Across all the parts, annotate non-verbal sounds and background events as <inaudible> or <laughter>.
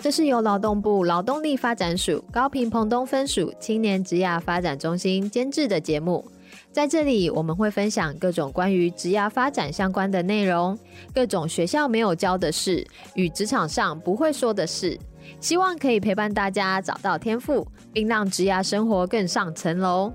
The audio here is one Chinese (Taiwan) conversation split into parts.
這是由勞動部勞動力發展署高屏澎東分署青年職涯發展中心監製的節目，在這裡我們會分享各種關於職涯發展相關的內容，各種學校沒有教的事與職場上不會說的事。希望可以陪伴大家找到天賦，並讓職涯生活更上層樓。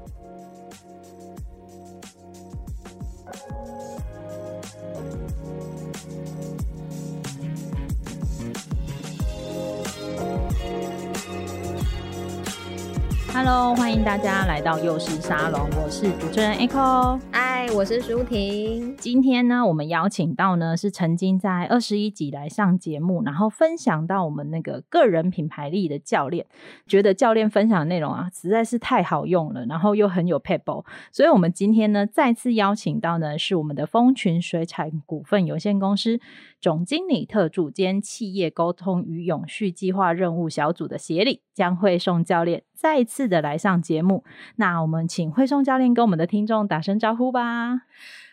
Hello，歡迎大家來到幼師沙龍，我是主持人 Echo，哎，Hi, 我是舒婷。今天呢，我們邀請到呢是曾經在二十一集來上節目，然後分享到我們那個個人品牌力的教練，覺得教練分享的內容啊實在是太好用了，然後又很有 p a b l，所以我們今天呢再次邀請到呢是我們的豐群水產股份有限公司。總經理特助兼企業溝通與永續計劃任務小組的協理，江惠頌教練再次的來上節目。那我們請惠頌教練跟我們的聽眾打聲招呼吧。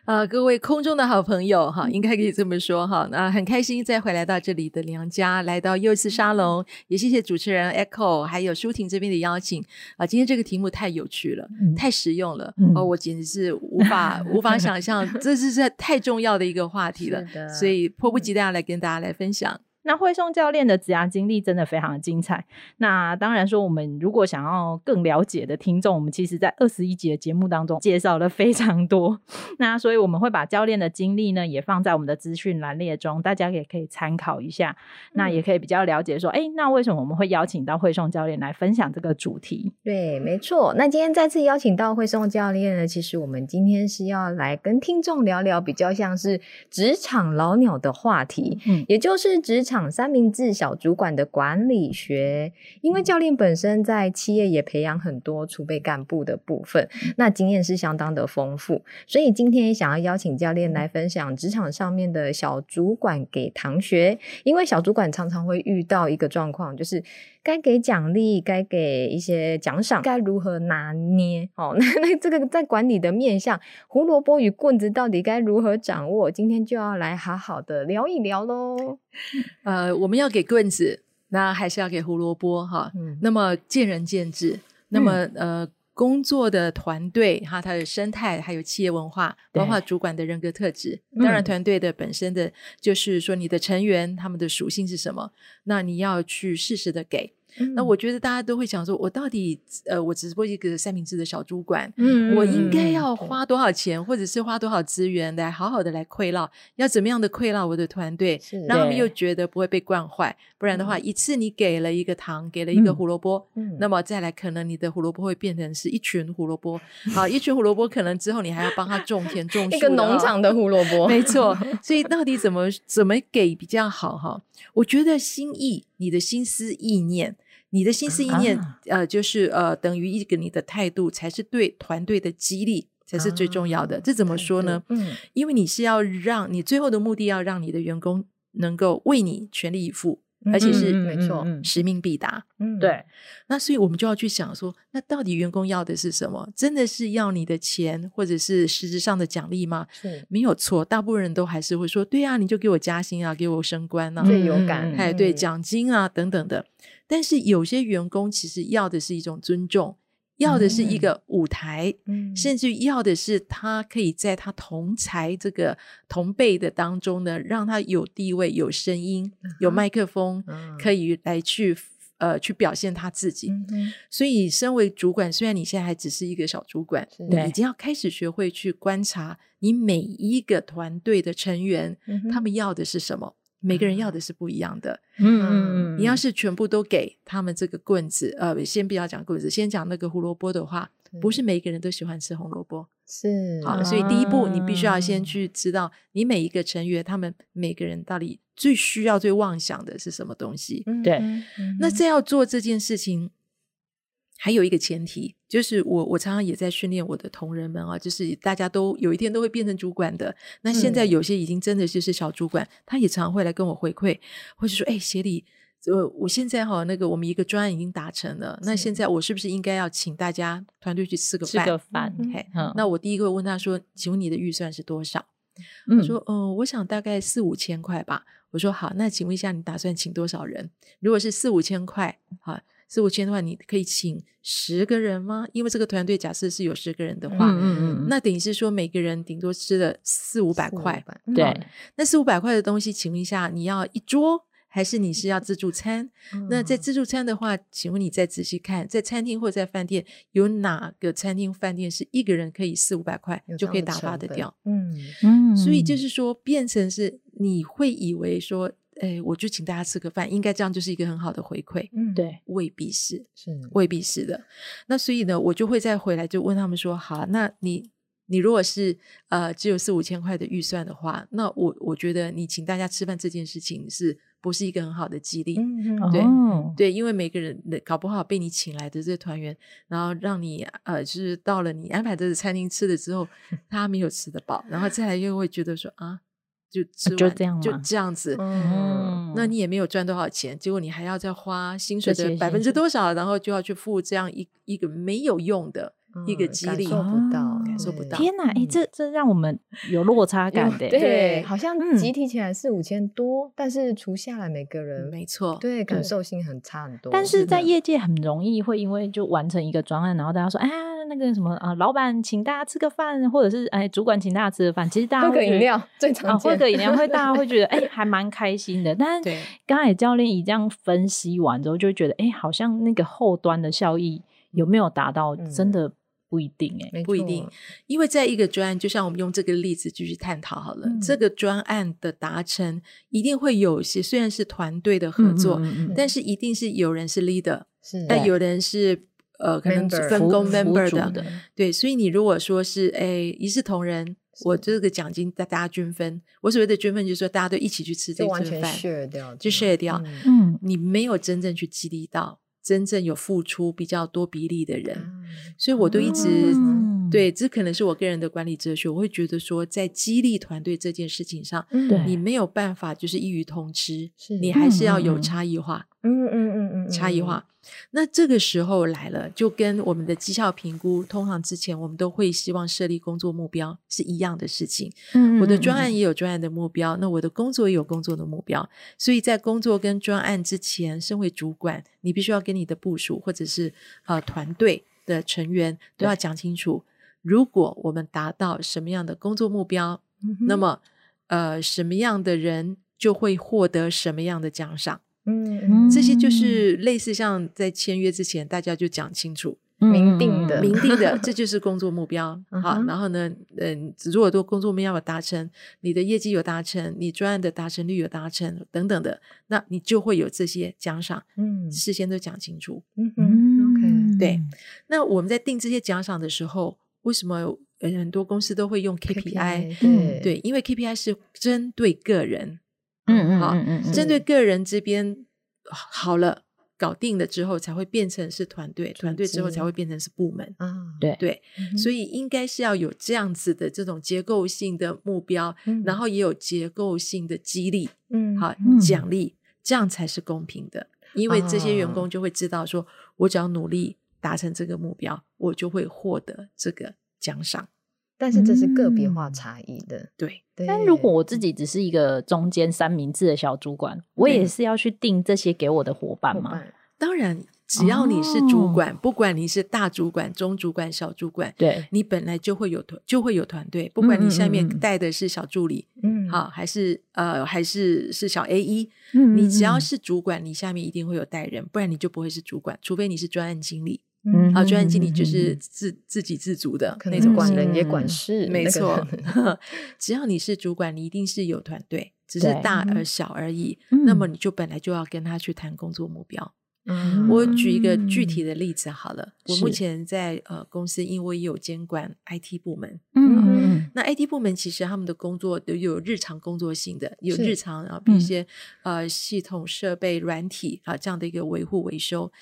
啊、呃，各位空中的好朋友哈，應該可以這麼說哈。那、呃、很開心再回來到這裡的娘家，來到又一次沙龍，也謝謝主持人 Echo 還有舒婷這邊的邀請啊、呃。今天這個題目太有趣了，太實用了、嗯、哦，我簡直是無法 <laughs> 無法想象這是這太重要的一個話題了， <laughs> 的所以迫不及待要來跟大家來分享。那惠頌教練的職涯經歷真的非常的精彩。那當然說，我們如果想要更了解的聽眾，我們其實在二十一集的節目當中介紹了非常多。那所以我們會把教練的經歷呢也放在我們的資訊欄列中，大家也可以參考一下。那也可以比較了解說，哎、嗯、欸，那為什麼我們會邀請到惠頌教練來分享這個主題？對，沒錯。那今天再次邀請到惠頌教練呢，其實我們今天是要來跟聽眾聊聊比較像是職場老鳥的話題，嗯，也就是職場三明治小主管的管理學，因為教練本身在企業也培養很多儲備幹部的部分，那經驗是相當的豐富，所以今天也想要邀請教練來分享職場上面的小主管給糖學，因為小主管常常會遇到一個狀況，就是。該給獎勵，該給一些獎賞，該如何拿捏？哦，那那這個在管理的面向，胡蘿蔔與棍子到底該如何掌握？今天就要來好好的聊一聊嘍。呃，我們要給棍子，那還是要給胡蘿蔔哈。嗯。那麼見仁見智。嗯。那麼呃，工作的團隊哈，他的生態還有企業文化，包括主管的人格特質，嗯。當然團隊的本身的就是說你的成員他們的屬性是什麼，那你要去適時的給。嗯、那我覺得大家都會想說，我到底呃，我只是一個三明治的小主管，嗯，我應該要花多少錢，嗯、或者是花多少資源來好好的來犒勞，要怎麼樣的犒勞我的團隊？的然後又覺得不會被慣壞，不然的話，一次你給了一個糖，嗯、給了一個胡蘿蔔，嗯、那麼再來可能你的胡蘿蔔會變成是一群胡蘿蔔， <laughs> 好，一群胡蘿蔔可能之後你還要幫他種田種 <laughs> 一個農場的胡蘿蔔， <laughs> 沒錯。所以到底怎麼怎麼給比較好哈？ <laughs> 我覺得心意，你的心思意念。你的心思意念，呃，就是呃，等於一個你的態度，才是對團隊的激勵，才是最重要的。這怎麼說呢？嗯，因為你是要讓你最後的目的，要讓你的員工能夠為你全力以赴。而且是、嗯嗯嗯、沒錯，使命必達。嗯，對。那所以我們就要去想說，那到底員工要的是什麼？真的是要你的錢，或者是實質上的獎勵嗎？是，沒有錯。大部分人都還是會說，對呀、啊，你就給我加薪啊，給我升官啊，最有感、嗯。對，獎金啊，等等的。嗯嗯嗯、但是有些員工其實要的是一種尊重。要的是一個舞台，嗯、甚至要的是他可以在他同才這個同輩的當中呢，讓他有地位、有聲音、嗯、哼有麥克風，嗯、可以來去呃去表現他自己。嗯、哼所以，身為主管，雖然你現在還只是一個小主管，的你已經要開始學會去觀察你每一個團隊的成員，嗯、哼他們要的是什麼。每個人要的是不一樣的。嗯，嗯你要是全部都給他們這個棍子，嗯、呃，先不要講棍子，先講那個胡蘿蔔的話，是不是每一個人都喜歡吃紅蘿蔔？是、啊，好、啊，所以第一步你必須要先去知道你每一個成員，嗯、他們每個人到底最需要、最妄想的是什麼東西。嗯、對，嗯、那這樣做這件事情。還有一個前提，就是我我常常也在訓練我的同仁們啊，就是大家都有一天都會變成主管的。那現在有些已經真的就是小主管，嗯、他也常、常會來跟我回饋，或者說，哎，協理，我現在哈、哦、那個我們一個專案已經達成了，是那現在我是不是應該要請大家團隊去吃個飯，吃個飯？那我第一個問他說，請問你的預算是多少？他、嗯、說，嗯、呃，我想大概四五千塊吧。我說，好，那請問一下，你打算請多少人？如果是四五千塊，好、啊。四五千的話，你可以請十個人嗎？因為這個團隊假設是有十個人的話，嗯嗯嗯那等於是說每個人頂多吃了四五百塊。百對，嗯、那四五百塊的東西，請問一下，你要一桌還是你是要自助餐？嗯、那在自助餐的話，請問你再仔細看，在餐廳或者在飯店，有哪個餐廳飯店是一個人可以四五百塊就可以打發得掉？嗯所以就是說，變成是你會以為說。哎，我就請大家吃個飯，應該這樣就是一個很好的回饋。嗯，對，未必是，是未必是的。那所以呢，我就會再回來就問他們說：好，那你你如果是呃只有四五千塊的預算的話，那我我覺得你請大家吃飯這件事情是不是一個很好的激勵？嗯嗯哼，對、哦、對，因為每個人搞不好被你請來的這團員，然後讓你呃就是到了你安排的餐廳吃了之後，他沒有吃得飽， <laughs> 然後再來又會覺得說啊。就就這樣，就這樣子，嗯，那你也沒有賺多少錢，結果你還要再花薪水的百分之多少，謝謝謝謝，然後就要去付這樣一一個沒有用的。一個激勵，感受不到，不到、啊。對天吶，哎、欸，這這讓我們有落差感的、嗯，對，好像集體起來是五千多，嗯、但是除下來每個人，沒錯，嗯、對，感受性很差很多。但是在業界很容易會因為就完成一個專案，的然後大家說，哎，那個什麼、呃、老闆請大家吃個飯，或者是哎，主管請大家吃個飯，其實大家喝個飲料最常喝個、哦、飲料會大家會覺得，哎，還蠻開心的。但剛剛才教練一這樣分析完之後，就覺得，哎，好像那個後端的效益有沒有達到，真的、嗯。不一定哎、欸，沒錯不一定，因為在一個專案，就像我們用這個例子繼續探討好了。嗯、這個專案的達成一定會有一些，雖然是團隊的合作，嗯嗯嗯嗯但是一定是有人是 leader，是的但有人是呃，對可能分工 member 的。對，所以你如果說是哎一視同仁，是我這個獎金大家均分，我所謂的均分就是說大家都一起去吃這頓飯，就卸掉，就卸掉，嗯，你沒有真正去激勵到。真正有付出比較多比例的人，嗯，所以我都一直，嗯。對，這可能是我個人的管理哲學。我會覺得說，在激勵團隊這件事情上，對你沒有辦法就是一語通吃，是你還是要有差異化。嗯嗯嗯嗯，差異化。那這個時候來了，就跟我們的績效評估通常之前，我們都會希望設立工作目標是一樣的事情。嗯嗯嗯，我的專案也有專案的目標，那我的工作也有工作的目標。所以在工作跟專案之前，身為主管，你必須要跟你的部屬或者是呃團隊的成員都要講清楚。如果我們達到什麼樣的工作目標，mm hmm. 那麼呃什麼樣的人就會獲得什麼樣的獎賞，嗯、mm，hmm. 這些就是類似像在簽約之前大家就講清楚，mm hmm. 明定的、mm hmm. 明定的，這就是工作目標。 <laughs> 好，然後呢，嗯、呃，如果說工作目標有達成，你的業績有達成，你專案的達成率有達成等等的，那你就會有這些獎賞。嗯，事先都講清楚。嗯哼，OK，對。那我們在定這些獎賞的時候。為什麼有很多公司都會用 KPI？對，因為 KPI 是針對個人，嗯嗯嗯，針對個人這邊好了，搞定了之後才會變成是團隊，團隊之後才會變成是部門。嗯，對對，所以應該是要有這樣子的這種結構性的目標，然後也有結構性的激勵，嗯，好獎勵，這樣才是公平的。因為這些員工就會知道說我只要努力達成這個目標，我就會獲得這個獎賞，但是這是個別化差異的，嗯、對。但如果我自己只是一個中間三明治的小主管，對我也是要去定這些給我的伙伴嘛？當然，只要你是主管，哦、不管你是大主管、中主管、小主管，對你本來就會有團，就會有團隊。不管你下面帶的是小助理，嗯，嗯，嗯，好、啊，還是呃，還是是小 A E，嗯，嗯，嗯，你只要是主管，你下面一定會有帶人，不然你就不會是主管，除非你是專案經理。啊，專案經理就是自自給自足的那種，管人也管事，沒錯。只要你是主管，你一定是有團隊，只是大而小而已。那麼你就本來就要跟他去談工作目標。我舉一個具體的例子好了，我目前在公司，因為有監管 IT 部門，那 IT 部門其實他們的工作都有日常工作性的，有日常比如一些系統設備軟體啊這樣的一個維護維修。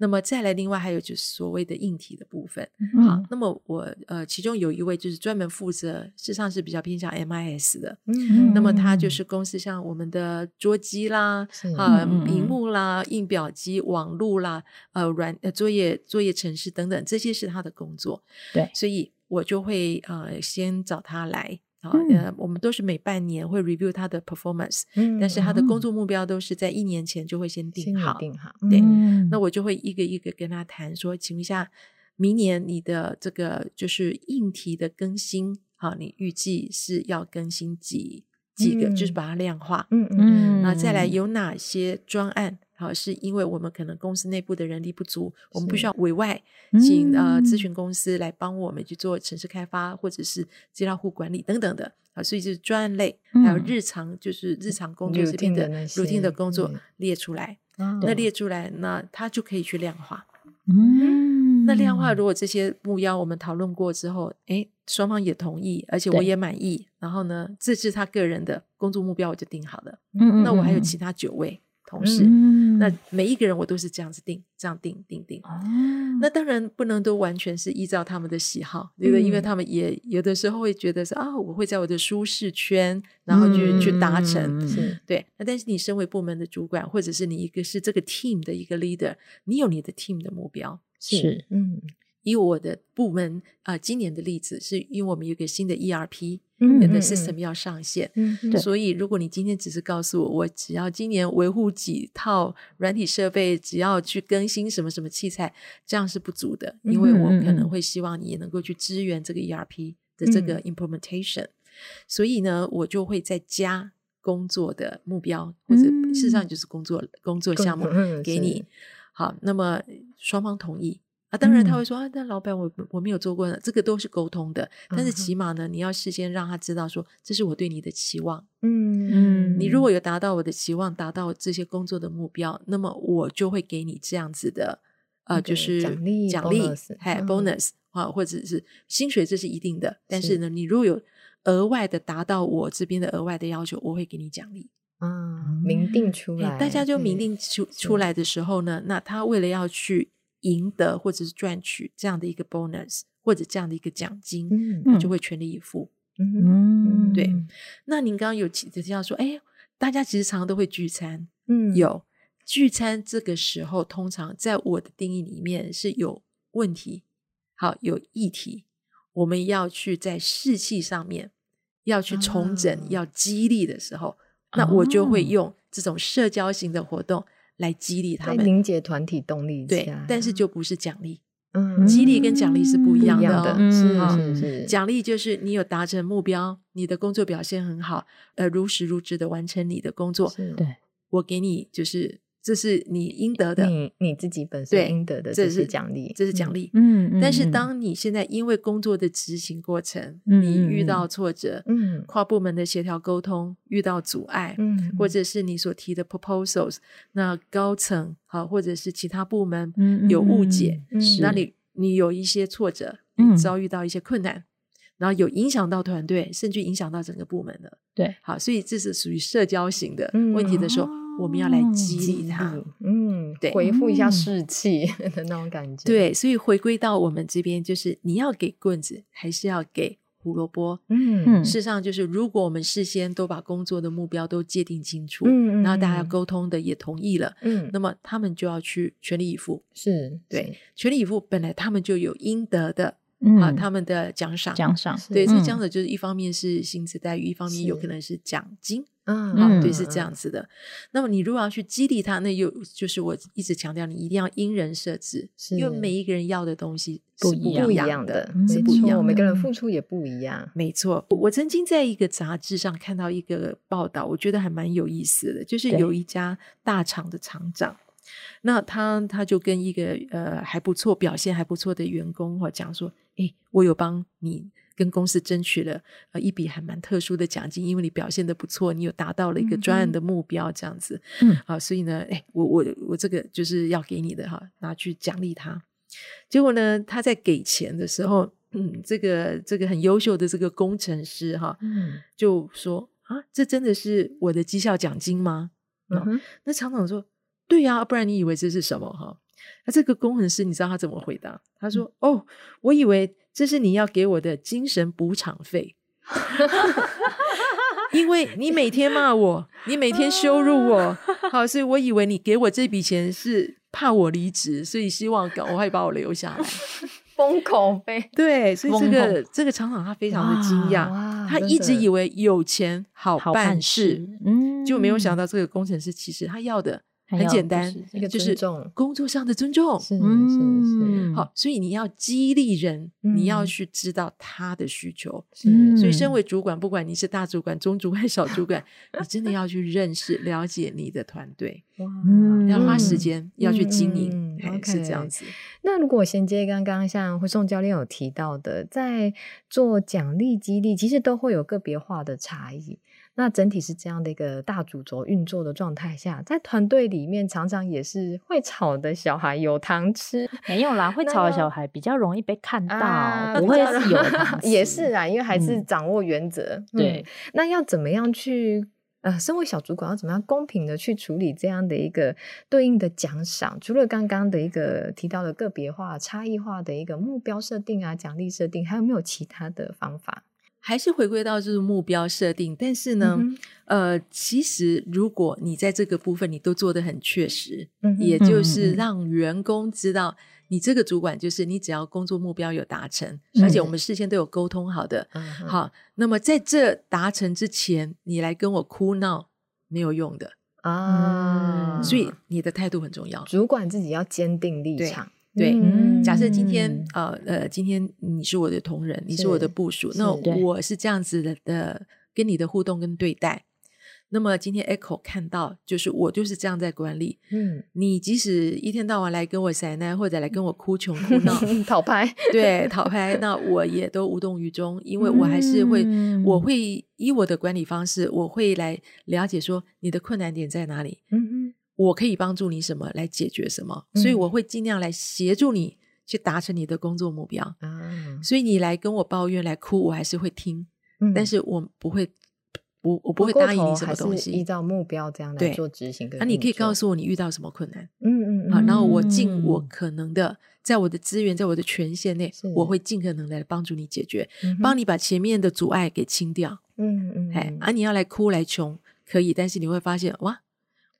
那麼再來，另外還有就是所謂的硬體的部分，嗯、好，那麼我呃，其中有一位就是專門負責，事實上是比較偏向 MIS 的，嗯，嗯，嗯，嗯，那麼他就是公司像我們的桌機啦，啊是，呃、屏幕啦，印表機、網路啦，呃，軟呃，作業、作業程式等等，這些是他的工作，對，所以我就會呃，先找他來。好，嗯、呃，我們都是每半年會 review 他的 performance。、嗯嗯、但是他的工作目標都是在一年前就會先定好，定好，對。嗯、那我就會一個一個跟他談說，請問一下，明年你的這個就是硬體的更新，好，你預計是要更新幾幾個，嗯、就是把它量化，嗯嗯。那、嗯、再來有哪些專案？好，是因為我們可能公司內部的人力不足，是我們不需要委外請，請、嗯、呃諮詢公司來幫我們去做城市開發，或者是街道戶管理等等的啊。所以就是專案類，嗯、還有日常就是日常工作這邊的、routine 的，的工作列出來。哦、那列出來，那他就可以去量化。嗯，那量化如果這些目標我們討論過之後，哎，雙方也同意，而且我也滿意。對然後呢，這是他個人的工作目標，我就定好了。嗯，嗯，嗯，那我還有其他九位。同事，那每一個人我都是這樣子定，這樣定定定。定哦、那當然不能都完全是依照他們的喜好，因為、嗯、因為他們也有的時候會覺得說啊，我會在我的舒適圈，然後去、嗯、去達成。是對，那但是你身為部門的主管，或者是你一個是這個 team 的一個 leader，你有你的 team 的目標，是，是嗯。以我的部門啊、呃，今年的例子是因為我們有一個新的 ERP。有、嗯嗯嗯、的 system 要上線。嗯嗯，所以如果你今天只是告訴我，對我只要今年維護幾套軟體設備，只要去更新什麼什麼器材，這樣是不足的，因為我可能會希望你也能夠去支援這個 ERP 的這個 implementation、嗯嗯。所以呢，我就會再加工作的目標，或者事實上就是工作，嗯、工作項目給你。嗯，好，那麼雙方同意。啊，當然他會說啊，那老闆，我我沒有做過呢，這個都是溝通的。但是起碼呢，你要事先讓他知道說，這是我對你的期望。嗯嗯，你如果有達到我的期望，達到這些工作的目標，那麼我就會給你這樣子的，呃，就是獎勵獎勵，還 bonus 啊，或者是薪水，這是一定的。但是呢，你如果有額外的達到我這邊的額外的要求，我會給你獎勵。嗯，明定出來，大家就明定出出來的時候呢，那他為了要去。贏得或者是賺取這樣的一個 bonus，或者這樣的一個獎金，他、嗯、就會全力以赴、嗯嗯。對。那您剛剛有提到說，哎，大家其實常常都會聚餐。嗯、有聚餐這個時候，通常在我的定義裡面是有問題，好有議題，我們要去在士氣上面要去重整、嗯、要激勵的時候，那我就會用這種社交型的活動。來激勵他們，凝結團體動力。對，但是就不是獎勵。嗯，激勵跟獎勵是不一樣的哦。是是是，獎勵就是你有達成目標，你的工作表現很好，呃，如實如質的完成你的工作。是對，我給你就是。這是你應得的，你自己本身應得的，這是獎勵，這是獎勵。嗯，但是當你現在因為工作的執行過程，你遇到挫折，跨部門的協調溝通遇到阻礙，或者是你所提的 proposals，那高層或者是其他部門有誤解，那你你有一些挫折，遭遇到一些困難，然後有影響到團隊，甚至影響到整個部門了。對，好，所以這是屬於社交型的問題的時候。我們要來激勵他，哦、嗯，對，恢復一下士氣的那種感覺、嗯。對，所以回歸到我們這邊，就是你要給棍子，還是要給胡蘿蔔？嗯，事實上就是，如果我們事先都把工作的目標都界定清楚，嗯嗯，然後大家溝通的也同意了，嗯，那麼他們就要去全力以赴。是，是對，全力以赴本來他們就有應得的。啊，他們的獎賞，獎賞，對，這樣子就是一方面是薪資待遇，一方面有可能是獎金，啊，對，是這樣子的。那麼你如果要去激勵他，那又就是我一直強調，你一定要因人設置，因為每一個人要的東西不一樣，不一樣的，沒錯，每個人付出也不一樣，沒錯。我曾經在一個雜誌上看到一個報道，我覺得還蠻有意思的，就是有一家大廠的廠長，那他他就跟一個呃還不錯、表現還不錯的員工，或講說。我有幫你跟公司爭取了一筆還蠻特殊的獎金，因為你表現得不錯，你有達到了一個專案的目標，這樣子，嗯嗯好，所以呢，我我我這個就是要給你的哈，拿去獎勵他。結果呢，他在給錢的時候，嗯嗯這個、這個很優秀的這個工程師哈，就說啊，這真的是我的績效獎金嗎？嗯哼哦、那廠長說，對呀、啊，不然你以為這是什麼？那這個工程師，你知道他怎麼回答？他說：“嗯、哦，我以為這是你要給我的精神補償費， <laughs> 因為你每天罵我， <laughs> 你每天羞辱我，好，所以我以為你給我這筆錢是怕我離職，所以希望趕快把我留下來，封 <laughs> 口費飛。”對，所以這個口這個廠長他非常的驚訝，他一直以為有錢好辦事，辦事嗯，就沒有想到這個工程師其實他要的。很簡單，就是，一個就是工作上的尊重，是是是嗯，好，所以你要激勵人，嗯、你要去知道他的需求。是所以身為主管，不管你是大主管、中主管、小主管， <laughs> 你真的要去認識、了解你的團隊，哇、嗯，要花時間，要去經營、嗯，是這樣子。嗯嗯嗯 okay，那如果銜接剛剛像惠頌教練有提到的，在做獎勵激勵，其實都會有個別化的差異。那整體是這樣的一個大主軸運作的狀態下，在團隊裡面常常也是會吵的小孩有糖吃沒有啦？會吵的小孩比較容易被看到，啊、不會是有糖吃也是啊，因為還是掌握原則。嗯嗯、對，那要怎麼樣去呃，身為小主管要怎麼樣公平的去處理這樣的一個對應的獎賞？除了剛剛的一個提到的個別化、差異化的一個目標設定啊，獎勵設定，還有沒有其他的方法？還是回歸到就是目標設定，但是呢，嗯、哼呃，其實如果你在這個部分你都做得很確實，嗯、哼也就是讓員工知道你這個主管就是你，只要工作目標有達成，嗯、哼而且我們事先都有溝通好的，嗯、哼好，那麼在這達成之前，你來跟我哭鬧沒有用的啊、嗯，所以你的態度很重要，主管自己要堅定立場。對，嗯、假設今天，呃、嗯、呃，今天你是我的同仁，是你是我的部屬，那我是這樣子的跟你的互動跟對待。那麼今天 Echo 看到，就是我就是這樣在管理。嗯，你即使一天到晚來跟我撒奶，或者來跟我哭窮哭鬧呵呵討拍， <laughs> 對討拍，那我也都無動於衷，因為我還是會，嗯、我會以我的管理方式，我會來了解說你的困難點在哪裡。嗯。我可以幫助你什麼來解決什麼，嗯、所以我會盡量來協助你去達成你的工作目標。嗯、所以你來跟我抱怨來哭，我還是會聽，嗯、但是我不會不我，我不會答應你什麼東西，過過依照目標這樣來做執行。那、啊、你可以告訴我你遇到什麼困難，嗯嗯，嗯嗯，好、啊，然後我盡我可能的，在我的資源，在我的權限內，是我會盡可能的來幫助你解決，嗯、哼幫你把前面的阻礙給清掉。嗯，嗯嗯，哎，啊，你要來哭來窮可以，但是你會發現哇。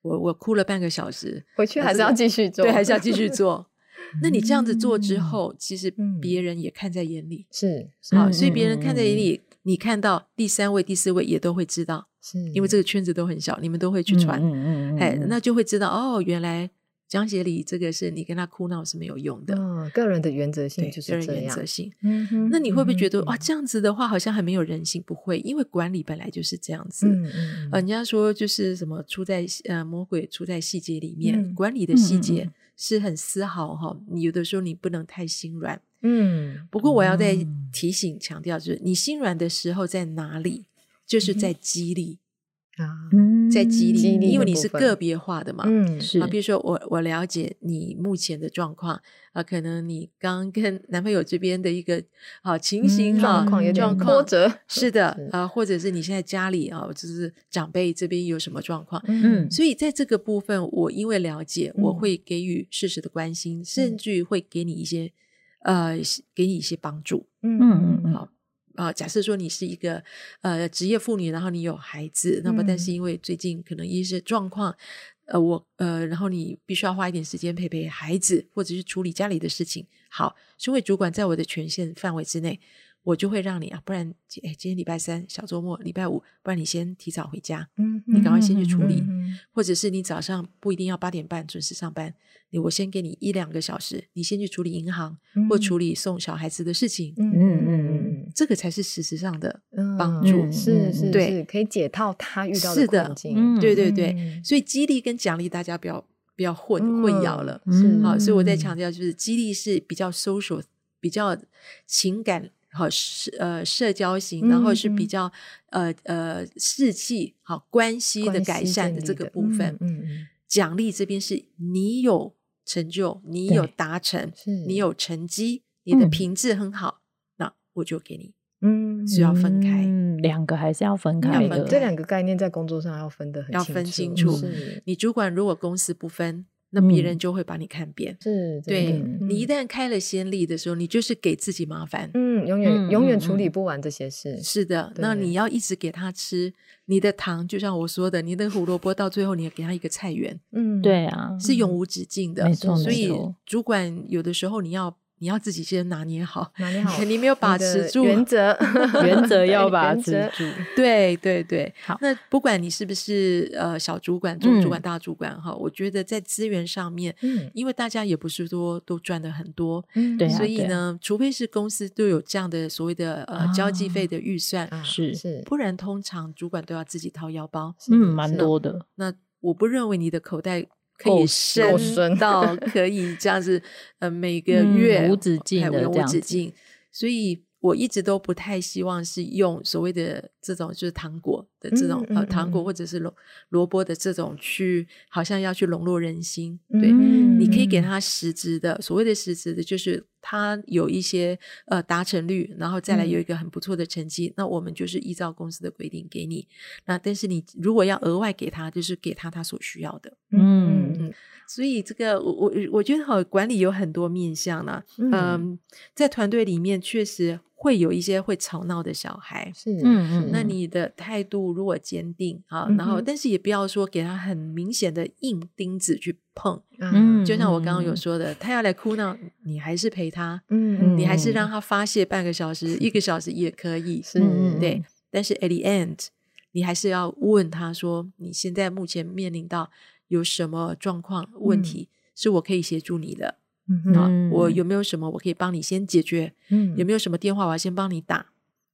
我我哭了半個小時，回去還是要繼續做，對，還是要繼續做。 <laughs> 那你這樣子做之後，嗯、其實別人也看在眼裡，是，是，好，嗯、所以別人看在眼裡，是你看到第三位、第四位也都會知道，是因為這個圈子都很小，你們都會去傳，嗯、哎，那就會知道哦，原來。江協理，這個是你跟他哭鬧是沒有用的。嗯、哦，個人的原則性就是對個人原則性，嗯哼，那你會不會覺得哇、嗯哼哦，這樣子的話好像很沒有人性？不會，因為管理本來就是這樣子。嗯,嗯呃，人家說就是什麼出在呃魔鬼出在細節裡面，嗯、管理的細節是很絲毫哈。你、嗯嗯哦、有的時候你不能太心軟。嗯。不過我要再提醒、嗯、強調，就是你心軟的時候在哪裡，就是在激勵。嗯啊，嗯、在激勵，因為你是個別化的嘛，嗯，是，啊，比如說我，我了解你目前的狀況，啊，可能你剛跟男朋友這邊的一個啊情形、嗯、狀況有點波折，嗯、是的，是啊，或者是你現在家裡啊，就是長輩這邊有什麼狀況，嗯是，所以在這個部分，我因為了解，我會給予適時的關心，嗯、甚至於會給你一些呃，給你一些幫助，嗯嗯，好。啊、呃，假設說你是一個呃職業婦女，然後你有孩子，嗯、那麼但是因為最近可能一些狀況，呃，我呃，然後你必須要花一點時間陪陪孩子，或者是處理家裡的事情。好，身為主管，在我的權限範圍之內，我就會讓你啊，不然，哎，今天禮拜三小周末，禮拜五，不然你先提早回家，嗯嗯，你趕快先去處理，嗯嗯嗯，或者是你早上不一定要八點半準時上班，你，我先給你一兩個小時，你先去處理銀行或處理送小孩子的事情，嗯嗯嗯。嗯嗯這個才是實質上的幫助，是、嗯、是，是是對，可以解套他遇到的困境，嗯、對對對。所以激勵跟獎勵，大家不要不要混、嗯、混淆了。是好，所以我在強調，就是激勵是比較 social、比較情感和社呃社交型，嗯、然後是比較、嗯、呃呃士氣好關係的改善的這個部分。嗯嗯。嗯獎勵這邊是你有成就，你有達成，你有成績，你的品質很好。嗯我就給你，嗯，需要分開，嗯。兩個還是要分開的。這兩個概念在工作上要分得很，要分清楚。你主管如果公私不分，那別人就會把你看扁。是，對，你一旦開了先例的時候，你就是給自己麻煩。嗯，永遠永遠處理不完這些事。是的，那你要一直給他吃你的糖，就像我說的，你的胡蘿蔔到最後，你要給他一個菜園。嗯，對啊，是永無止境的。沒錯，所以主管有的時候你要。你要自己先拿捏好，拿捏好，肯定沒有把持住原則，原則要把持住，對對對。好，那不管你是不是呃小主管、中主管、大主管哈，我覺得在資源上面，因為大家也不是說都賺的很多，對，所以呢，除非是公司都有這樣的所謂的呃交際費的預算，是是，不然通常主管都要自己掏腰包，嗯，蠻多的。那我不認為你的口袋。可以生到可以這樣子，呃，每個月、嗯、無止境的無止境這樣子，所以。我一直都不太希望是用所謂的這種就是糖果的這種、嗯嗯、呃糖果或者是蘿蘿蔔的這種去好像要去籠絡人心，嗯、對，嗯、你可以給他實質的，所謂的實質的就是他有一些呃達成率，然後再來有一個很不錯的成績，嗯、那我們就是依照公司的規定給你。那但是你如果要額外給他，就是給他他所需要的。嗯，嗯嗯所以這個我我覺得好管理有很多面向呢、啊。嗯、呃，在團隊裡面確實。會有一些會吵鬧的小孩，是嗯嗯，那你的態度如果堅定啊，然後但是也不要說給他很明顯的硬釘子去碰，嗯，就像我剛剛有說的，他要來哭鬧，你還是陪他，嗯，你還是讓他發洩半個小時、一個小時也可以，是，對。但是 at the end，你還是要問他說，你現在目前面臨到有什麼狀況問題，是我可以協助你的。我有沒有什麼我可以幫你先解決？有沒有什麼電話我要先幫你打？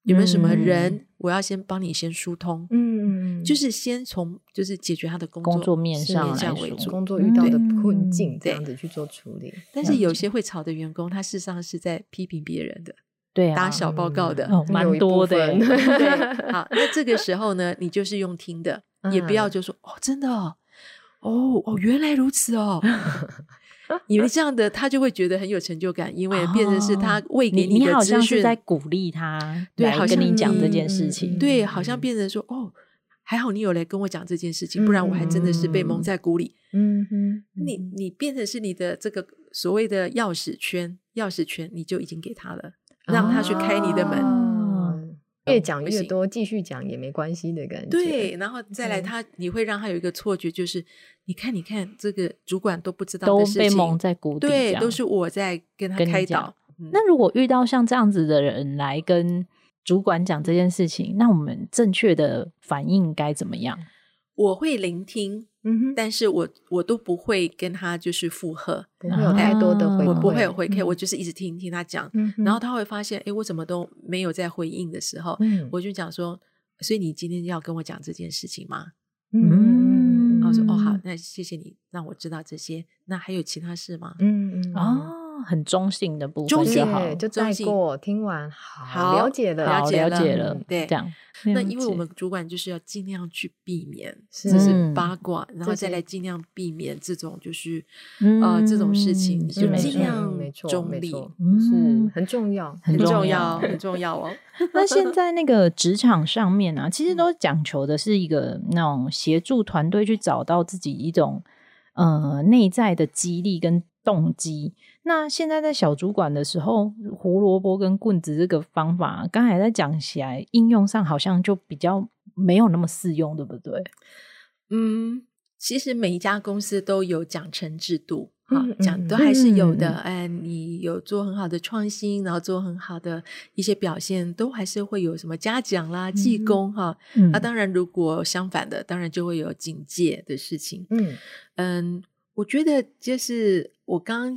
有沒有什麼人我要先幫你先疏通？就是先從就是解決他的工作工作面上工作遇到的困境這樣子去做處理。但是有些會吵的員工，他事實上是在批評別人的，對啊，打小報告的蠻多的。好，那這個時候呢，你就是用聽的，也不要就說哦，真的，哦哦，原來如此哦。以為這樣的、啊、他就會覺得很有成就感，因為變成是他餵給你的資訊，你你好像是在鼓勵他。對，好像跟你講這件事情，對，好像變成說哦，還好你有來跟我講這件事情，嗯、不然我還真的是被蒙在鼓裡。嗯哼，你你變成是你的這個所謂的鑰匙圈，鑰匙圈你就已經給他了，讓他去開你的門。哦越講越多，繼續講也沒關係的感覺。對，嗯、然後再來他，你會讓他有一個錯覺，就是你看，你看這個主管都不知道，都是被蒙在鼓。對，都是我在跟他開導。嗯、那如果遇到像這樣子的人來跟主管講這件事情，那我們正確的反應該怎麼樣？我會聆聽。Mm hmm. 但是我我都不會跟他就是附和，不會有太多的回，欸啊、我不會有回 K 回饋，、mm hmm. 我就是一直聽聽他講，mm hmm. 然後他會發現，哎、欸，我怎麼都沒有在回應的時候，mm hmm. 我就講說，所以你今天要跟我講這件事情嗎？嗯、mm，hmm. 然後我說哦好，那謝謝你讓我知道這些，那還有其他事嗎？嗯嗯、mm hmm. 哦。很中性的部分就好，就帶過，聽完好，了解了，了解了。對，這樣。那因為我們主管就是要盡量去避免，這是八卦，然後再來盡量避免這種就是，呃，這種事情，就盡量中立。嗯，很重要，很重要，很重要哦。那現在那個職場上面啊，其實都講求的是一個那種協助團隊去找到自己一種，呃，內在的激勵跟動機。那現在在小主管的時候，胡蘿蔔跟棍子這個方法，剛才在講起來應用上好像就比較沒有那麼適用，對不對？嗯，其實每一家公司都有獎懲制度，哈、嗯，啊、獎都還是有的、嗯哎。你有做很好的創新，嗯、然後做很好的一些表現，都還是會有什麼嘉獎啦、嗯、記功哈。那、啊嗯啊、當然，如果相反的，當然就會有警戒的事情。嗯嗯，我覺得就是我剛。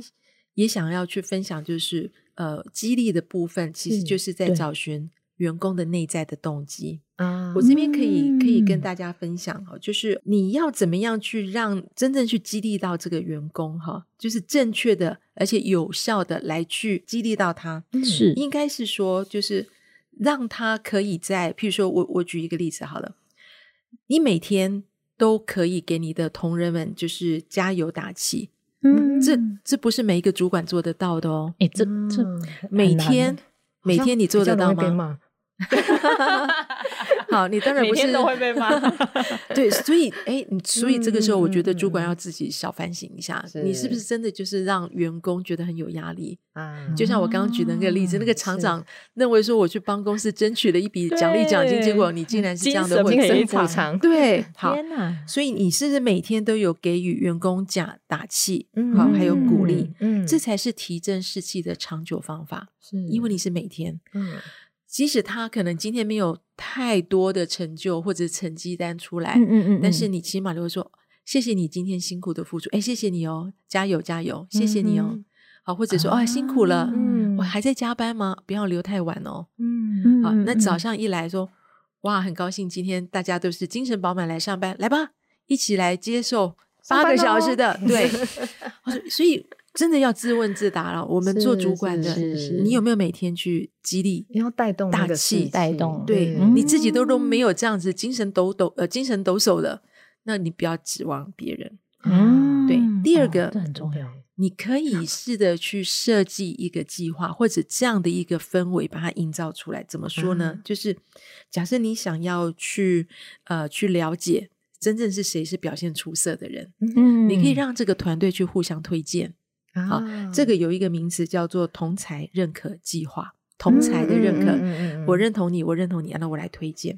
也想要去分享，就是呃，激勵的部分其實就是在找尋員工的內在的動機啊。嗯、我這邊可以可以跟大家分享哦，嗯、就是你要怎麼樣去讓真正去激勵到這個員工哈，就是正確的而且有效的來去激勵到他，是應該是說就是讓他可以在，譬如說我我舉一個例子好了，你每天都可以給你的同仁們就是加油打氣。嗯，這這不是每一個主管做得到的哦。哎、欸，這這、嗯、每天、嗯、每天你做得到嗎？ <laughs> 好，你當然不是天每都會被罵。對，所以哎，你所以這個時候，我覺得主管要自己小反省一下，你是不是真的就是讓員工覺得很有壓力？啊，就像我剛剛舉的那個例子，那個廠長認為說我去幫公司爭取了一筆獎勵獎金，結果你竟然是這樣的問題。非常長，對，好，所以你是不是每天都有給予員工假打氣？嗯，好，還有鼓勵，嗯，這才是提振士氣的長久方法。是，因為你是每天，嗯。即使他可能今天沒有太多的成就或者成績單出來，嗯嗯嗯、但是你起碼就會說謝謝你今天辛苦的付出，誒謝謝你哦，加油加油，謝謝你哦，嗯、好或者說、啊、哦辛苦了，嗯、我還在加班嗎？不要留太晚哦，嗯，好那早上一來說、嗯、哇很高興今天大家都是精神飽滿來上班，上班哦、來吧一起來接受八個小時的班、哦、 <laughs> 對，所以。真的要自問自答了。我們做主管的，是是是是你有沒有每天去激勵、要帶動大氣、帶動？對，嗯、你自己都都沒有這樣子精神抖抖、呃，精神抖擻的，那你不要指望別人。嗯，對。第二個、哦、很重要，你可以試着去設計一個計劃，嗯、或者這樣的一個氛圍，把它營造出來。怎麼說呢？嗯、就是假設你想要去呃去了解真正是誰是表現出色的人，嗯，你可以讓這個團隊去互相推薦。好，這個有一個名詞叫做“同儕認可計劃”，同儕的認可，我認同你，我認同你，然後我來推薦，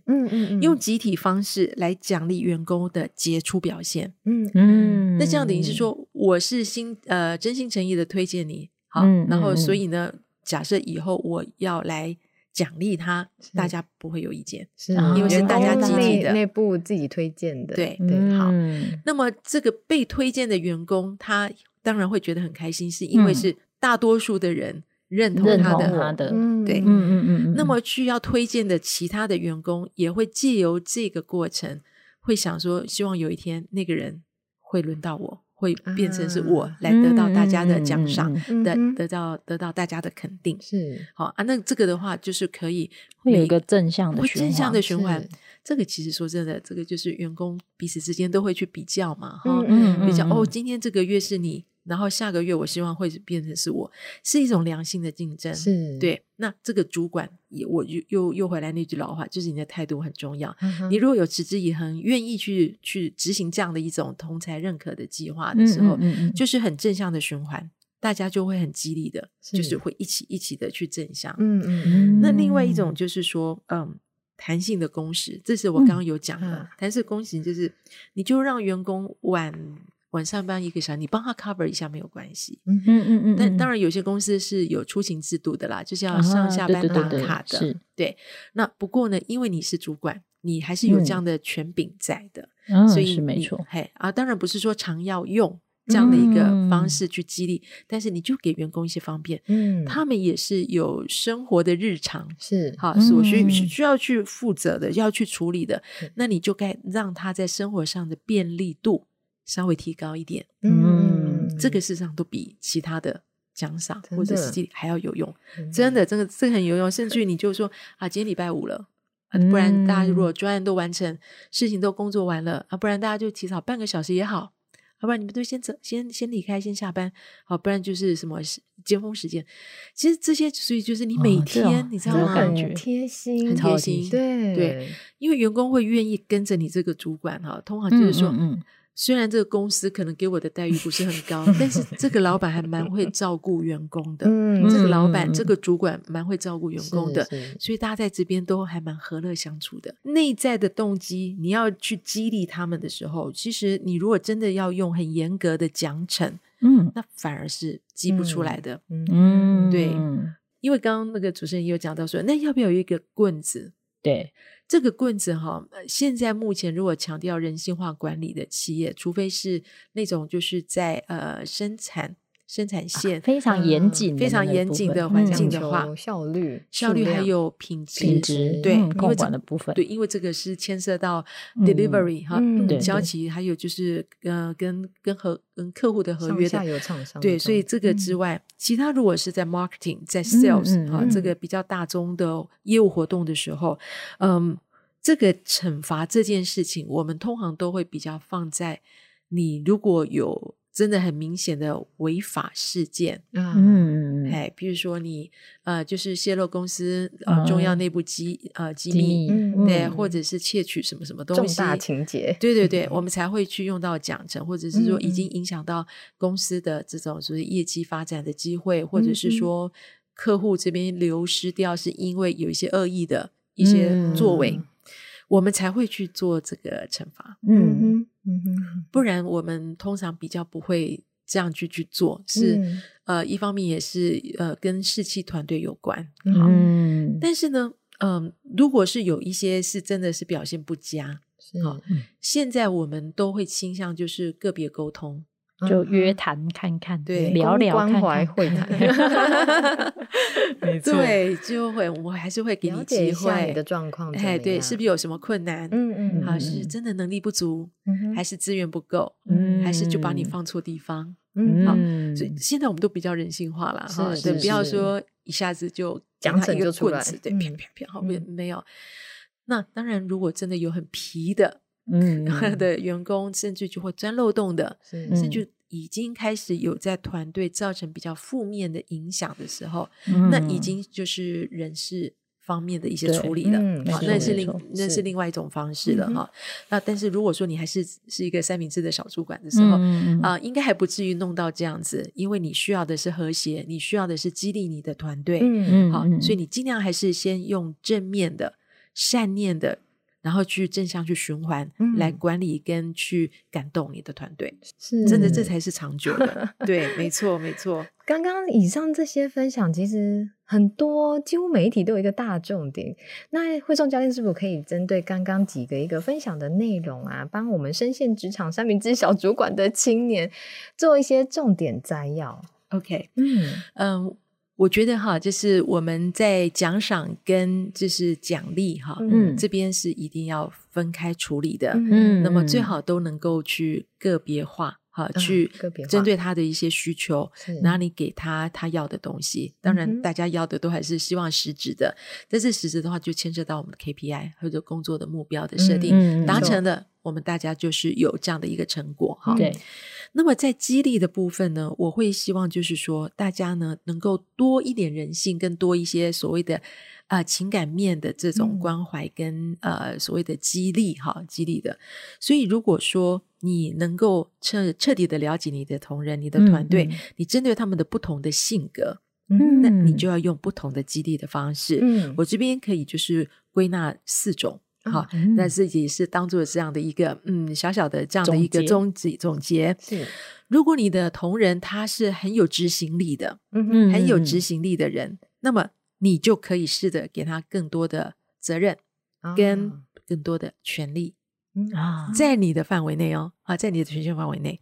用集體方式來獎勵員工的傑出表現，嗯嗯，那這樣等於是說，我是心呃真心誠意的推薦你，好，然後所以呢，假設以後我要來獎勵他，大家不會有意見，是啊，因為是大家集體內部自己推薦的，對對，好，那麼這個被推薦的員工他。當然會覺得很開心，是因為是大多數的人認同他的，嗯、他的對，嗯嗯嗯。嗯嗯嗯，那麼需要推薦的其他的員工，也會借由這個過程，會想說，希望有一天那個人會輪到我，會變成是我來得到大家的獎賞，得得到得到大家的肯定，是好啊。那這個的話，就是可以會有一個正向的循環，正向的循環。是這個其實說真的，這個就是員工彼此之間都會去比較嘛，哈，嗯嗯嗯嗯，比較哦，今天這個月是你。然後下個月我希望會變成是我，是一種良性的競爭，是對。那這個主管也，我就又又回來那句老話，就是你的態度很重要。嗯、哼你如果有持之以恆，願意去去執行這樣的一種同儕認可的計劃的時候，嗯嗯嗯嗯就是很正向的循環，大家就會很激勵的，是就是會一起一起的去正向。嗯嗯嗯嗯那另外一種就是說，嗯，彈性的工時這是我剛剛有講的，彈性、嗯嗯、工時就是你就讓員工晚。晚上班一個小時，你幫他 cover 一下沒有關係。嗯嗯嗯嗯。但當然有些公司是有出勤制度的啦，就是要上下班打卡的。啊、對，對，對，對，對。那不過呢，因為你是主管，你還是有這樣的權柄在的，嗯啊、所以是沒錯。嘿啊，當然不是說常要用這樣的一個方式去激勵，嗯、但是你就給員工一些方便。嗯。他們也是有生活的日常是好所需需要去負責的，嗯、要去處理的。是那你就該讓他在生活上的便利度。稍微提高一點，嗯，這個事實上都比其他的獎賞或者實際還要有用，真的，真的，這個很有用。甚至於你就說啊，今天禮拜五了，不然大家如果專案都完成，事情都工作完了，啊，不然大家就提早半個小時也好，要不然你們都先先先離開，先下班，好，不然就是什麼尖峰時間。其實這些，所以就是你每天，你知道嗎？感覺很貼心，很貼心，對對，因為員工會願意跟着你這個主管哈，通常就是說，嗯。雖然這個公司可能給我的待遇不是很高， <laughs> 但是這個老闆還蠻會照顧員工的。嗯、這個老闆、嗯、這個主管蠻會照顧員工的，是是，所以大家在這邊都還蠻和樂相處的。內在的動機，你要去激勵他們的時候，其實你如果真的要用很嚴格的獎懲，嗯、那反而是激不出來的。嗯嗯、對，因為剛剛那個主持人也有講到說，那要不要有一個棍子？對。這個棍子哈，現在目前如果強調人性化管理的企業，除非是那種就是在呃生產，生產線非常嚴謹，非常嚴謹的環境的話，效率、效率還有品質，對，高管的部分，對，因為這個是牽涉到 delivery 哈，交期還有就是跟跟跟客戶的合約的，對，所以這個之外，其他如果是在 marketing 在 sales 哈，這個比較大宗的業務活動的時候，嗯，這個懲罰這件事情，我們通常都會比較放在你如果有。真的很明顯的違法事件，嗯，哎，比如說你呃，就是洩露公司呃、嗯、重要內部機呃機密，嗯嗯、對，或者是竊取什麼什麼東西，重大情節，對對對，我們才會去用到獎懲，或者是說已經影響到公司的這種就是、嗯、業績發展的機會，或者是說客戶這邊流失掉，是因為有一些惡意的一些作為，嗯、我們才會去做這個懲罰，嗯。嗯嗯哼， <noise> 不然我們通常比較不會這樣去去做，是、嗯、呃，一方面也是呃跟士氣團隊有關，哦、嗯，但是呢，嗯、呃，如果是有一些是真的是表現不佳，好、哦，是現在我們都會傾向就是個別溝通。就約談看看，對，聊聊關懷會談。對，就會，我還是會給你機會，了解一下你的狀況。哎，對，是不是有什麼困難？嗯嗯，還是真的能力不足，還是資源不夠？嗯，還是就把你放錯地方？嗯嗯。所以現在我們都比較人性化了哈，不要說一下子就講他一個棍子，對，啪啪啪，後面沒有。那當然，如果真的有很皮的。嗯，的員工甚至就會鑽漏洞的，甚至已經開始有在團隊造成比較負面的影響的時候，那已經就是人事方面的一些處理了，好，那是另那是另外一種方式了哈。那但是如果說你還是是一個三明治的小主管的時候啊，應該還不至於弄到這樣子，因為你需要的是和諧，你需要的是激勵你的團隊，嗯，好，所以你盡量還是先用正面的、善念的。然後去正向去循環、嗯、來管理跟去感動你的團隊，真的是這才是長久的。 <laughs> 對，沒錯，沒錯。剛剛以上這些分享，其實很多幾乎媒體都有一個大重點。那惠頌教練是否可以針對剛剛幾個一個分享的內容啊，幫我們深陷職場三明治小主管的青年做一些重點摘要？OK，嗯。呃我覺得哈，就是我們在獎賞跟就是獎勵哈，嗯，這邊是一定要分開處理的，嗯，那麼最好都能夠去個別化哈，嗯、去針對他的一些需求，哦、然後你給他他要的東西。是當然，大家要的都還是希望實質的，嗯、哼但是實質的話就牽涉到我們的 KPI 或者工作的目標的設定，達、嗯嗯、成了，我們大家就是有這樣的一個成果哈。對那麼在激勵的部分呢，我會希望就是說，大家呢能夠多一點人性，更多一些所謂的，呃情感面的這種關懷跟、嗯、呃所謂的激勵哈激勵的。所以如果說你能夠徹徹底的了解你的同仁、你的團隊，嗯、你針對他們的不同的性格，嗯、那你就要用不同的激勵的方式。嗯、我這邊可以就是歸納四種。好，那、哦嗯、自己是當做這樣的一個，嗯，小小的這樣的一個總結總結。總結總結是，如果你的同仁他是很有執行力的，嗯哼,嗯哼，很有執行力的人，嗯嗯那麼你就可以試着給他更多的責任跟更多的權利。啊，在你的範圍內哦，啊，在你的權限範圍內，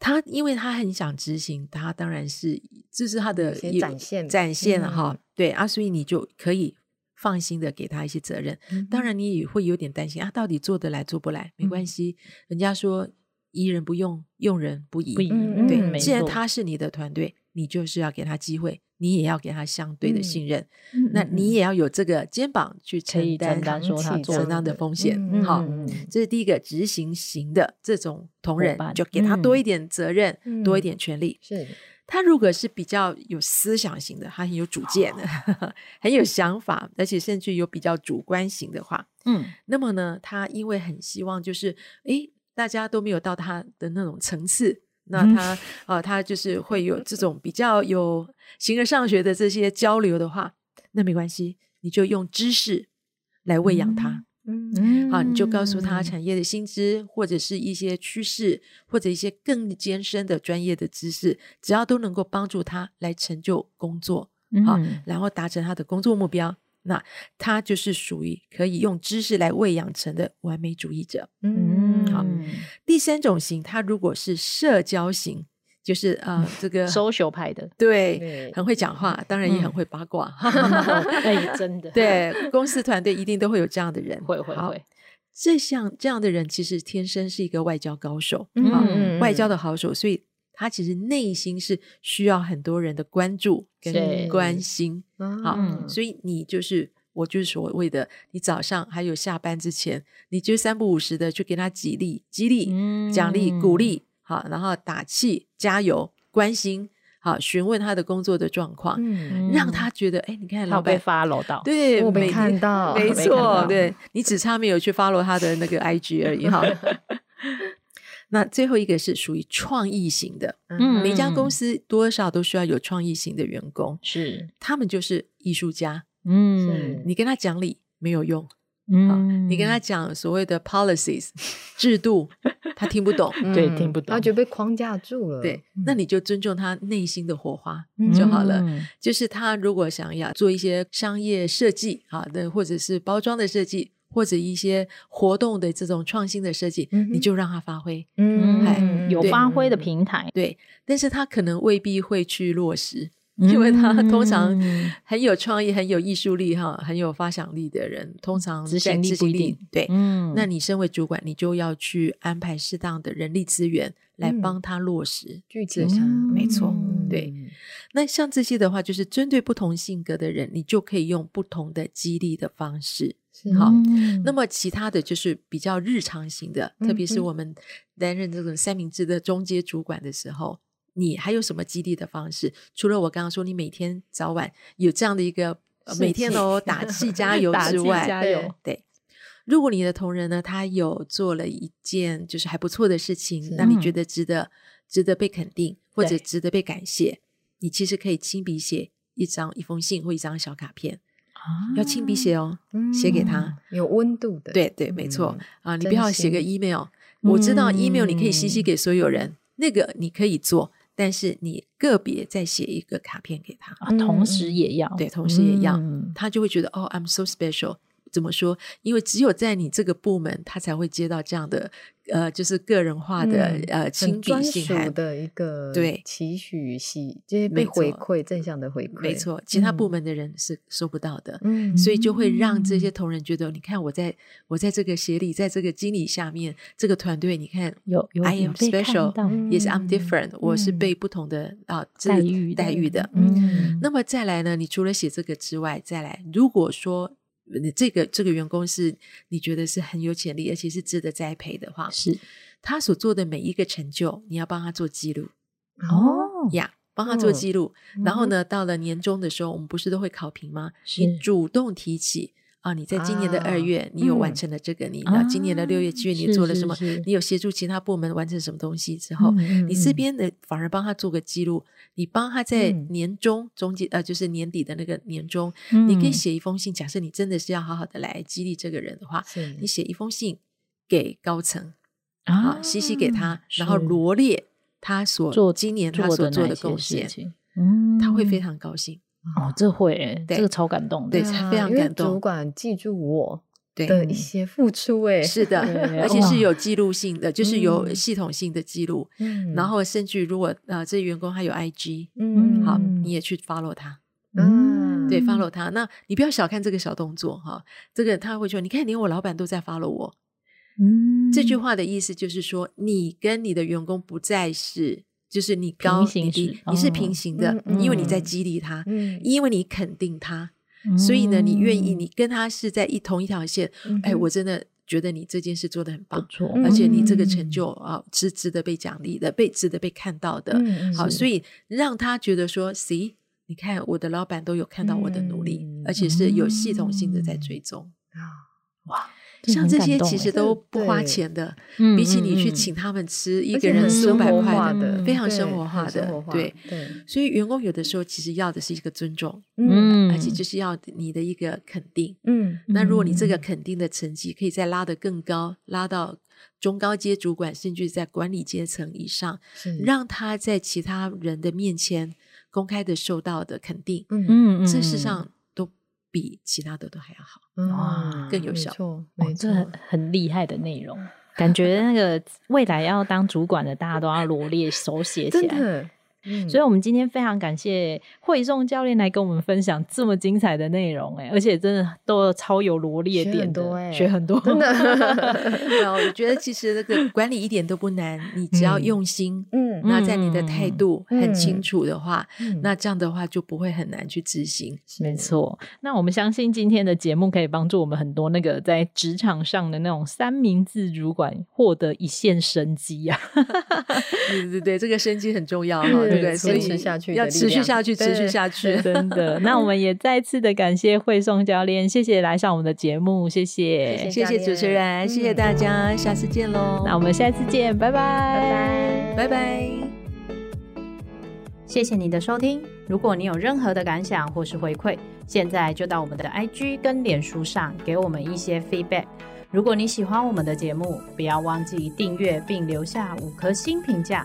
他因為他很想執行，他當然是這、就是他的展現展現哈、嗯哦。對啊，所以你就可以。放心的給他一些責任，當然你也會有點擔心啊，到底做得來做不來？沒關係，人家說“疑人不用，用人不疑”。不疑，對，既然他是你的團隊，你就是要給他機會，你也要給他相對的信任。那你也要有這個肩膀去承擔，說他做承擔的風險。好，這是第一個執行型的這種同仁，就給他多一點責任，多一點權利。是。他如果是比較有思想型的，他很有主見的，好 <laughs> 很有想法，而且甚至有比較主觀型的話，嗯，那麼呢，他因為很希望就是，誒，大家都沒有到他的那種層次，那他啊、嗯呃，他就是會有這種比較有形而上學的這些交流的話，那沒關係，你就用知識來餵養他。嗯嗯，好，你就告訴他產業的薪資，嗯、或者是一些趨勢，或者一些更艱深的專業的知識，只要都能夠幫助他來成就工作，嗯、好，然後達成他的工作目標，那他就是屬於可以用知識來餵養成的完美主義者。嗯，好，第三種型，他如果是社交型。就是啊，這個 social 派的，對，很會講話，當然也很會八卦。哎，真的，對，公司團隊一定都會有這樣的人，會會會。這像這樣的人，其實天生是一個外交高手，嗯，外交的好手，所以他其實內心是需要很多人的關注跟關心。嗯，好，所以你就是我就是所謂的，你早上還有下班之前，你就三不五時的去給他激勵、激勵、獎勵、鼓勵。好，然後打氣、加油、關心，好詢問他的工作的狀況，嗯，讓他覺得哎、欸，你看老板他有被 follow 到，對對，對我沒看到，沒錯，對，你只差沒有去 follow 他的那個 IG 而已。好。 <laughs> 那最後一個是屬於創意型的，嗯，每家公司多少都需要有創意型的員工，嗯、是他們就是藝術家，嗯，你跟他講理沒有用。嗯，你跟他講所謂的 policies 制度，他聽不懂， <laughs> 對，聽不懂，他就被框架住了。對，那你就尊重他內心的火花，嗯、就好了。就是他如果想要做一些商業設計好的，或者是包裝的設計，或者一些活動的這種創新的設計，嗯、哼你就讓他發揮，嗯，Hi, 有發揮的平台對，對。但是他可能未必會去落實。因為他通常很有創意、嗯、很有藝術力、哈、嗯、很有發想力的人，通常行執行力不一定。對，嗯，那你身為主管，你就要去安排適當的人力資源來幫他落實，具體執行，沒錯，嗯、對。那像這些的話，就是針對不同性格的人，你就可以用不同的激勵的方式。是好，嗯、那麼其他的就是比較日常型的，特別是我們擔任這種三明治的中階主管的時候。你還有什麼激勵的方式？除了我剛剛說，你每天早晚有這樣的一個每天哦打氣加油之外，加油，對。如果你的同仁呢，他有做了一件就是還不錯的事情，那你覺得值得值得被肯定，或者值得被感謝？你其實可以親筆寫一張一封信或一張小卡片，要親筆寫哦，寫給他有溫度的。對對，沒錯啊，你不要寫個 email。我知道 email 你可以信息給所有人，那個你可以做。但是你個別再寫一個卡片給他，啊、同時也要，嗯、對，同時也要，嗯、他就會覺得哦，I'm so special。怎麼說？因為只有在你這個部門，他才會接到這樣的。呃，就是個人化的呃，親筆信的一個對，期許係，這些被回饋正向的回饋，沒錯，其他部門的人是收不到的，嗯，所以就會讓這些同仁覺得，你看我在我在這個協理，在這個經理下面，這個團隊，你看有有，I am special，也是 I'm different，我是被不同的啊待遇待遇的，嗯，那麼再來呢，你除了寫這個之外，再來如果說。這個這個員工是你覺得是很有潛力，而且是值得栽培的話，是他所做的每一個成就，你要幫他做記錄。哦，呀，幫他做記錄，oh. mm hmm. 然後呢，到了年終的時候，我們不是都會考評嗎？是你主動提起。啊，你在今年的二月，你有完成了這個？你那今年的六月、七月，你做了什麼？你有協助其他部門完成什麼東西之後，你這邊的反而幫他做個記錄。你幫他在年終、中間，呃，就是年底的那個年終，你可以寫一封信。假設你真的是要好好的來激勵這個人的話，你寫一封信給高層啊，寫寫給他，然後羅列他所做今年他所做的貢獻，他會非常高興。哦，這會這個超感動的，對，非常感動。主管記住我的一些付出，是的，而且是有記錄性的，就是有系統性的記錄。然後甚至如果這員工還有 IG，好，你也去 follow 他，對，follow 他。那你不要小看這個小動作哈，這個他會說，你看，連我老板都在 follow 我。這句話的意思就是說，你跟你的員工不再是。就是你高你低，你是平行的，因為你在激勵他，因為你肯定他，所以呢，你願意你跟他是在一同一條線。哎，我真的覺得你這件事做得很棒，錯，而且你這個成就啊是值得被獎勵的，被值得被看到的。好，所以讓他覺得說，See，你看我的老闆都有看到我的努力，而且是有系統性的在追蹤啊，哇。像這些其實都不花錢的，比起你去請他們吃一個人四五百塊的，非常生活化的，化的對。對，所以員工有的時候其實要的是一個尊重，嗯，而且就是要你的一個肯定，嗯。那如果你這個肯定的成績可以再拉得更高，拉到中高階主管，甚至在管理階層以上，是讓他在其他人的面前公開的受到的肯定，嗯嗯嗯，這事上。比其他的都還要好，哇、嗯，更有效，沒錯，哦、沒錯，這很很厲害的內容，嗯、感覺那個未來要當主管的， <laughs> 大家都要羅列手寫起來。 <laughs> 嗯、所以，我們今天非常感謝惠頌教練來跟我們分享這麼精彩的內容，欸，哎，而且真的都超有羅列點，對，學很多。真的 <laughs> <laughs> 我覺得其實那個管理一點都不難，你只要用心，嗯，那在你的態度很清楚的話，嗯、那這樣的話就不會很難去執行。嗯、的沒錯，那我們相信今天的節目可以幫助我們很多那個在職場上的那種三明治主管獲得一線生機呀，啊 <laughs> <laughs> 。對對對，這個生機很重要 <laughs> 對，堅持，持下去，要持續下去，持續下去，真的。 <laughs> 那我們也再次的感謝惠頌教練，謝謝來上我們的節目，謝謝，謝謝，謝謝主持人，謝謝大家，嗯、下次見嘍、嗯。那我們下次見，拜拜，拜拜，拜拜。謝謝你的收聽。如果你有任何的感想或是回饋，現在就到我們的 IG 跟臉書上給我們一些 feedback。如果你喜歡我們的節目，不要忘記訂閱並留下五顆星評價。